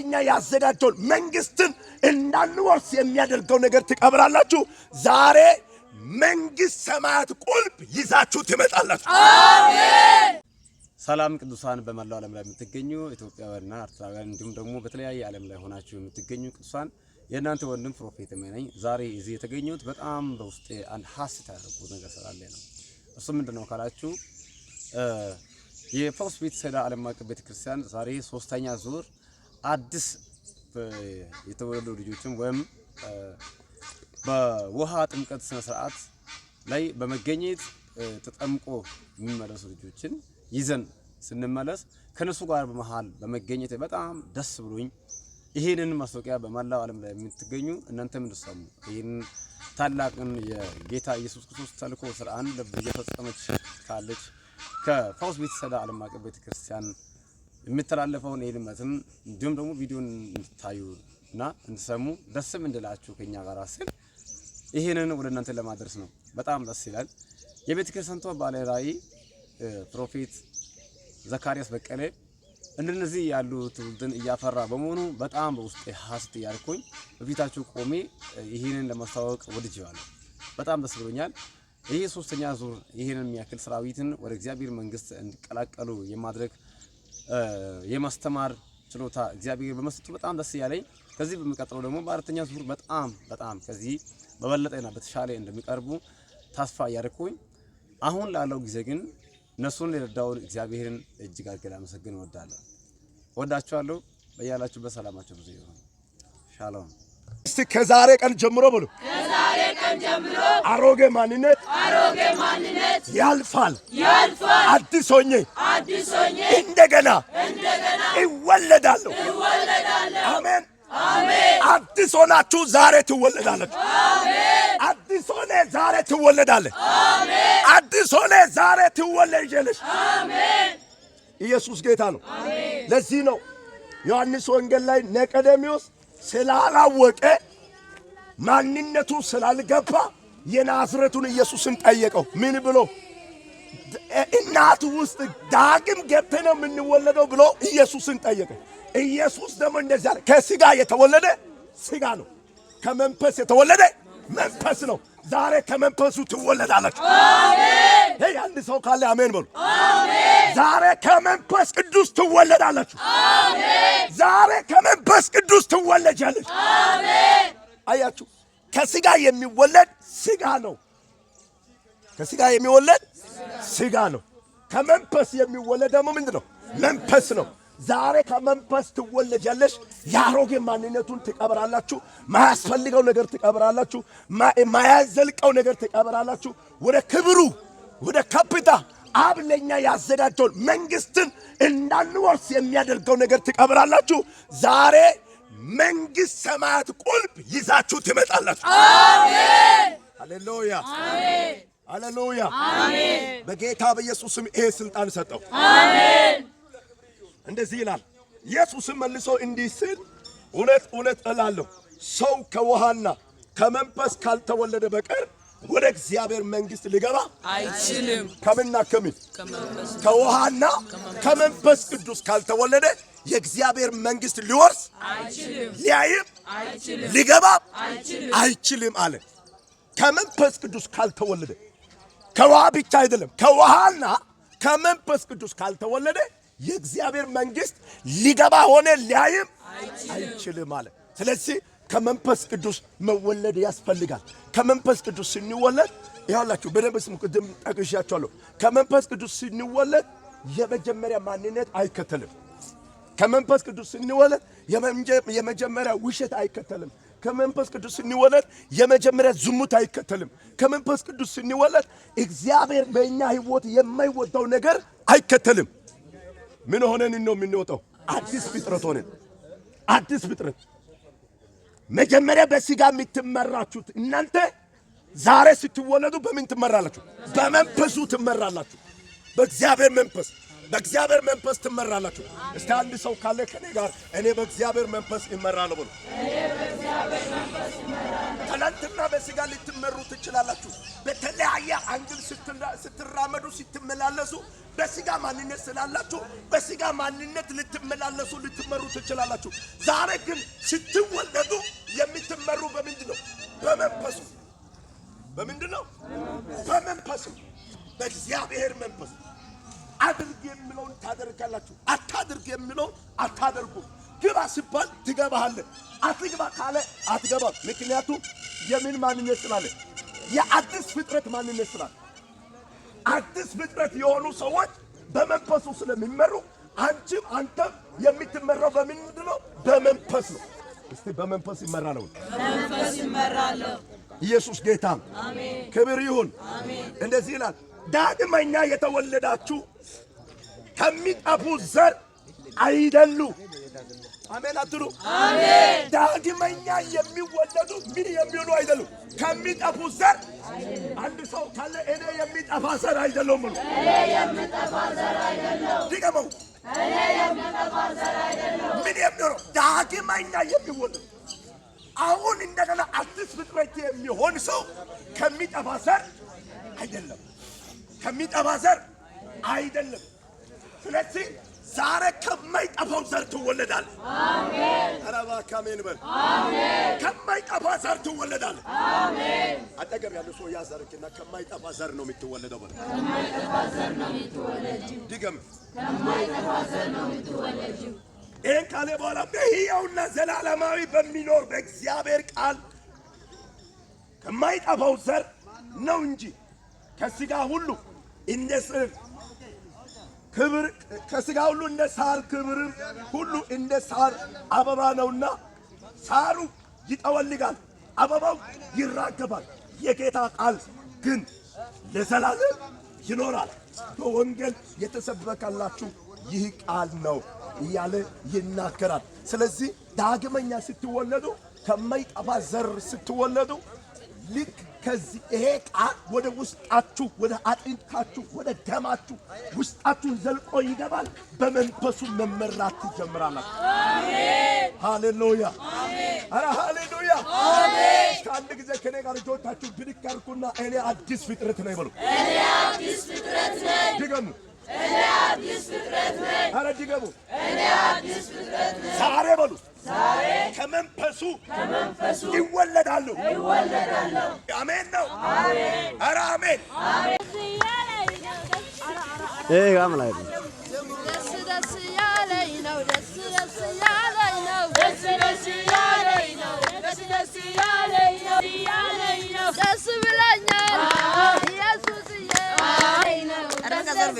ለእኛ ያዘጋጀውን መንግስትን እንዳንወርስ የሚያደርገው ነገር ትቀብራላችሁ። ዛሬ መንግስት ሰማያት ቁልፍ ይዛችሁ ትመጣላችሁ። አሜን። ሰላም ቅዱሳን፣ በመላው ዓለም ላይ የምትገኙ ኢትዮጵያውያንና ኤርትራውያን እንዲሁም ደግሞ በተለያየ ዓለም ላይ ሆናችሁ የምትገኙ ቅዱሳን የእናንተ ወንድም ፕሮፌት ነኝ። ዛሬ እዚህ የተገኘሁት በጣም በውስጤ አንድ ሀስት ያደረጉት ነገር ስላለ ነው። እሱ ምንድን ነው ካላችሁ የፈውስ ቤተ ሰዳ ዓለም አቀፍ ቤተክርስቲያን ዛሬ ሶስተኛ ዙር አዲስ የተወለዱ ልጆችን ወይም በውሃ ጥምቀት ስነ ስርዓት ላይ በመገኘት ተጠምቆ የሚመለሱ ልጆችን ይዘን ስንመለስ ከነሱ ጋር በመሀል በመገኘት በጣም ደስ ብሎኝ ይህንን ማስታወቂያ በመላው ዓለም ላይ የምትገኙ እናንተም እንድትሰሙ ይህን ታላቅን የጌታ ኢየሱስ ክርስቶስ ተልእኮ ስራን ልብ እየፈጸመች ካለች ከፋውስ ቤተሰዳ ዓለም አቀፍ ቤተክርስቲያን የሚተላለፈውን ሄድመትም እንዲሁም ደግሞ ቪዲዮን እንድታዩ እና እንድሰሙ ደስም እንድላችሁ ከኛ ጋር ስል ይህንን ወደ እናንተ ለማድረስ ነው። በጣም ደስ ይላል። የቤተ ክርስቲያኗ ባለ ራእይ ፕሮፌት ዘካርያስ በቀለ እንደነዚህ ያሉ ትውልድን እያፈራ በመሆኑ በጣም በውስጤ ሀስት እያልኩኝ በፊታችሁ ቆሜ ይህንን ለማስተዋወቅ ወድጄዋለሁ። በጣም ደስ ብሎኛል። ይህ ሶስተኛ ዙር ይህንን የሚያክል ሰራዊትን ወደ እግዚአብሔር መንግስት እንዲቀላቀሉ የማድረግ የማስተማር ችሎታ እግዚአብሔር በመስጠቱ በጣም ደስ እያለኝ ከዚህ በሚቀጥለው ደግሞ በአራተኛ ዙር በጣም በጣም ከዚህ በበለጠና በተሻለ እንደሚቀርቡ ተስፋ እያደረኩኝ አሁን ላለው ጊዜ ግን እነሱን የረዳውን እግዚአብሔርን እጅግ አድርጌ ላመሰግን እወዳለሁ። እወዳችኋለሁ። በያላችሁበት በሰላማችሁ ብዙ ይሁን። ሻሎም እስቲ ከዛሬ ቀን ጀምሮ ብሎ ከዛሬ ቀን ጀምሮ አሮጌ ማንነት አሮጌ ማንነት ያልፋል ያልፋል። አዲስ ሆኜ አዲስ ሆኜ እንደገና እንደገና ይወለዳለሁ ይወለዳለሁ። አሜን አሜን። አዲስ ሆናችሁ ዛሬ ትወለዳላችሁ። አሜን። አዲስ ሆነ ዛሬ ትወለዳለህ። አሜን። አዲስ ሆነ ዛሬ ትወለጃለሽ። አሜን። ኢየሱስ ጌታ ነው። አሜን። ለዚህ ነው ዮሐንስ ወንጌል ላይ ኒቆዲሞስ ስላላወቀ ማንነቱ ስላልገባ የናዝረቱን ኢየሱስን ጠየቀው። ምን ብሎ እናት ውስጥ ዳግም ገብተ ነው የምንወለደው ብሎ ኢየሱስን ጠየቀ። ኢየሱስ ደግሞ እንደዚህ አለ፣ ከስጋ የተወለደ ስጋ ነው፣ ከመንፈስ የተወለደ መንፈስ ነው። ዛሬ ከመንፈሱ ትወለዳለች። ይሄ አንድ ሰው ካለ አሜን በሉ። ዛሬ ከመንፈስ ቅዱስ ትወለዳላችሁ። ዛሬ ከመንፈስ ቅዱስ ትወለጃለች። አያችሁ፣ ከስጋ የሚወለድ ስጋ ነው። ከስጋ የሚወለድ ስጋ ነው። ከመንፈስ የሚወለድ ደግሞ ምንድን ነው? መንፈስ ነው። ዛሬ ከመንፈስ ትወለጃለሽ። የአሮጌ ማንነቱን ትቀብራላችሁ። ማያስፈልገው ነገር ትቀብራላችሁ። ማያዘልቀው ነገር ትቀብራላችሁ። ወደ ክብሩ ወደ ከፍታ አብ ለእኛ ያዘጋጀውን መንግስትን እንዳንወርስ የሚያደርገው ነገር ትቀብራላችሁ። ዛሬ መንግስት ሰማያት ቁልፍ ይዛችሁ ትመጣላችሁ። አሜን! ሃሌሉያ! ሃሌሉያ! በጌታ በኢየሱስም ይሄ ስልጣን ሰጠው። አሜን! እንደዚህ ይላል። ኢየሱስም መልሶ እንዲህ ሲል እውነት እውነት እላለሁ ሰው ከውሃና ከመንፈስ ካልተወለደ በቀር ወደ እግዚአብሔር መንግስት ሊገባ አይችልም። ከምንና ከምን? ከውሃና ከመንፈስ ቅዱስ ካልተወለደ የእግዚአብሔር መንግስት ሊወርስ ሊያይም ሊገባም አይችልም አለ። ከመንፈስ ቅዱስ ካልተወለደ ከውሃ ብቻ አይደለም፣ ከውሃና ከመንፈስ ቅዱስ ካልተወለደ የእግዚአብሔር መንግስት ሊገባ ሆነ ሊያይም አይችልም አለ። ስለዚህ ከመንፈስ ቅዱስ መወለድ ያስፈልጋል። ከመንፈስ ቅዱስ ስንወለድ ይኸውላችሁ በደንብ ስሙ፣ ቅድም ከመንፈስ ቅዱስ ስንወለድ የመጀመሪያ ማንነት አይከተልም። ከመንፈስ ቅዱስ ስንወለድ የመጀመሪያ ውሸት አይከተልም። ከመንፈስ ቅዱስ ስንወለድ የመጀመሪያ ዝሙት አይከተልም። ከመንፈስ ቅዱስ ስንወለድ እግዚአብሔር በእኛ ሕይወት የማይወጣው ነገር አይከተልም። ምን ሆነን ነው የምንወጣው? አዲስ ፍጥረት ሆነን አዲስ ፍጥረት መጀመሪያ በስጋ የምትመራችሁት እናንተ ዛሬ ስትወለዱ በምን ትመራላችሁ? በመንፈሱ ትመራላችሁ። በእግዚአብሔር መንፈስ በእግዚአብሔር መንፈስ ትመራላችሁ። እስቲ አንድ ሰው ካለ ከኔ ጋር እኔ በእግዚአብሔር መንፈስ ይመራለሁ ብሎ ትናንትና በስጋ ልትመሩ ትችላላችሁ። በአህያ አንግል ስትራመዱ ስትመላለሱ በስጋ ማንነት ስላላችሁ በስጋ ማንነት ልትመላለሱ ልትመሩ ትችላላችሁ። ዛሬ ግን ስትወለዱ የምትመሩ በምንድ ነው? በመንፈሱ። በምንድ ነው? በመንፈሱ፣ በእግዚአብሔር መንፈስ። አድርግ የሚለውን ታደርጋላችሁ፣ አታድርግ የሚለውን አታደርጉም። ግባ ሲባል ትገባሃለ፣ አትግባ ካለ አትገባ። ምክንያቱም የምን ማንነት ስላለ የአዲስ ፍጥረት ማንነት ስላለ አዲስ ፍጥረት የሆኑ ሰዎች በመንፈሱ ስለሚመሩ አንቺም አንተም የምትመራው በምንድን ነው? በመንፈስ ነው። እስቲ በመንፈስ ይመራለሁ። በመንፈስ ይመራለሁ። ኢየሱስ ጌታ ክብር ይሁን። እንደዚህ ይላል፣ ዳግመኛ የተወለዳችሁ ከሚጠፉ ዘር አይደሉ። አሜን አትሉ? ዳግመኛ የሚወለዱ ምን የሚሆኑ አይደሉም። ከሚጠፉ ዘር አንድ ሰው ካለ እኔ የሚጠፋ ዘር አይደለም ብሎ ድገመው። ምን የሚሆነው ዳግመኛ የሚወለድ አሁን እንደገና አዲስ ፍጥረት የሚሆን ሰው ከሚጠፋ ዘር አይደለም፣ ከሚጠፋ ዘር አይደለም። ስለዚህ ዛሬ ከመ ከማይጠፋው ዘር ትወለዳለህ። አሜን። ተራባካ አሜን በል። አሜን። ከማይጠፋ ዘር ትወለዳለህ። አሜን። አጠገብ ያለው ሰው ያዘርክና ከማይጠፋ ዘር ነው የምትወለደው በል። ከማይጠፋ ዘር ነው የምትወለደው። ድገም። ከማይጠፋ ዘር ነው የምትወለደው። ይሄን ካለ በኋላ በሕያውና ዘላለማዊ በሚኖር በእግዚአብሔር ቃል ከማይጠፋው ዘር ነው እንጂ ከስጋ ሁሉ እንደ ክብር ከስጋ ሁሉ እንደ ሳር ክብር ሁሉ እንደ ሳር አበባ ነውና ሳሩ ይጠወልጋል፣ አበባው ይራገባል፣ የጌታ ቃል ግን ለዘላለም ይኖራል። በወንጌል የተሰበከላችሁ ይህ ቃል ነው እያለ ይናገራል። ስለዚህ ዳግመኛ ስትወለዱ ከማይጠፋ ዘር ስትወለዱ ልክ ከዚህ ይሄ ቃል ወደ ውስጣችሁ ወደ አጥንታችሁ ወደ ደማችሁ ውስጣችሁን ዘልቆ ይገባል። በመንፈሱ መመራት ትጀምራላችሁ። ሃሌሉያ! ኧረ ሃሌሉያ! ከአንድ ጊዜ ከኔ ጋር እጆቻችሁ ብድግ አድርጉና እኔ አዲስ ፍጥረት ነኝ በሉ። እኔ አዲስ ፍጥረት ነኝ። ድገሙ እኔ አዲስ ፍጥረት ነኝ። ኧረ ድገሙ፣ እኔ አዲስ ፍጥረት ነኝ። ዛሬ በሉ ዛሬ ከመንፈሱ ከመንፈሱ ይወለዳሉ ይወለዳሉ። አሜን ነው አሜን። ኧረ አሜን ደስ ደስ I want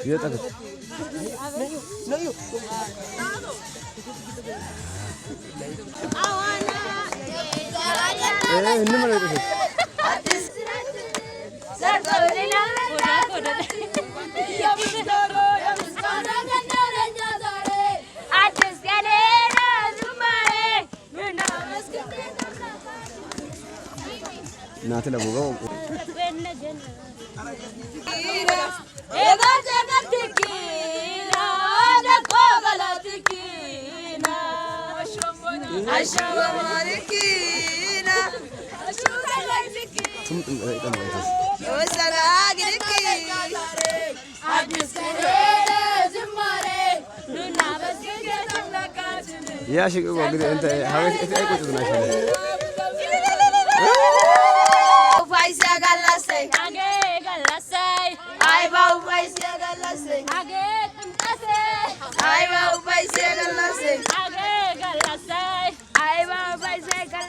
to get out of እናት ለሙጋው ያ ሽቅ እንግዲህ ሀገር አይቆጭት ናሽ ልጆቹ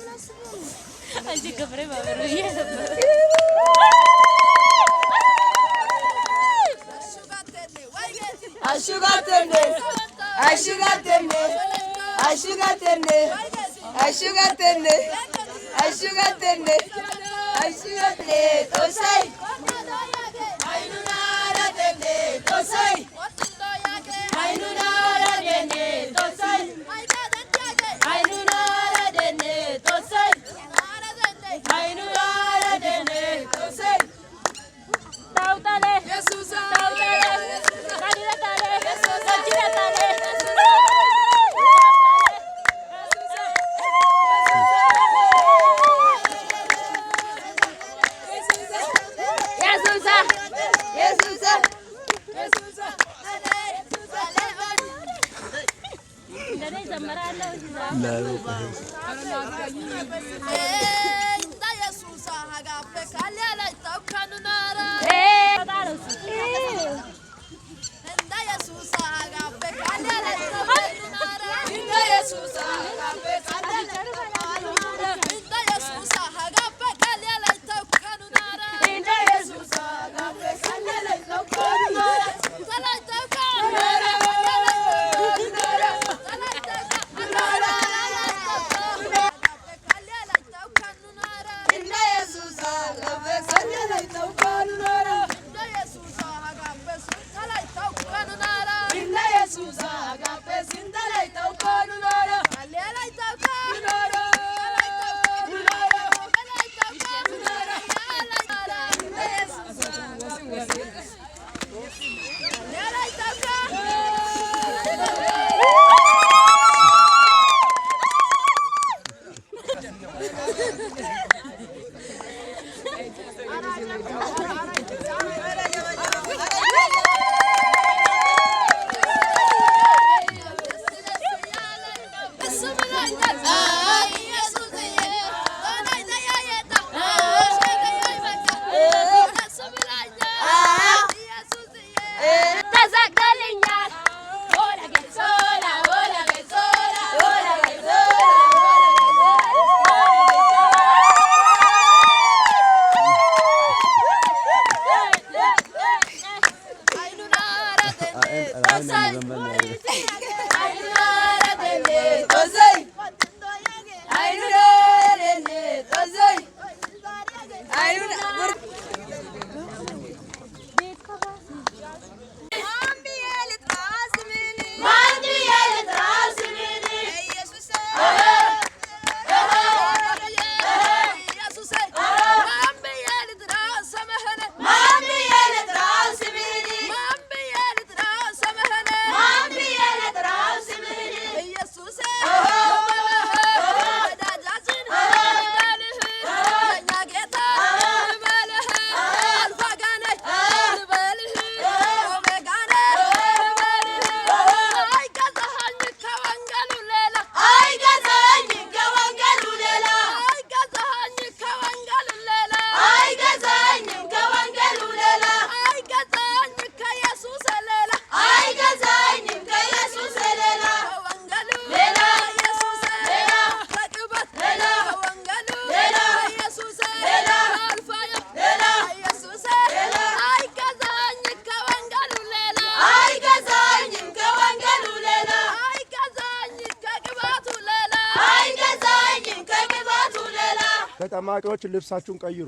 ምን አስቡ አንቺ ገብሬ ማበሩ ነበር አሹጋተነ አሹጋተነ አሹጋተነ Ara, ara, ara. ጠባቂዎች ልብሳችሁን ቀይሩ።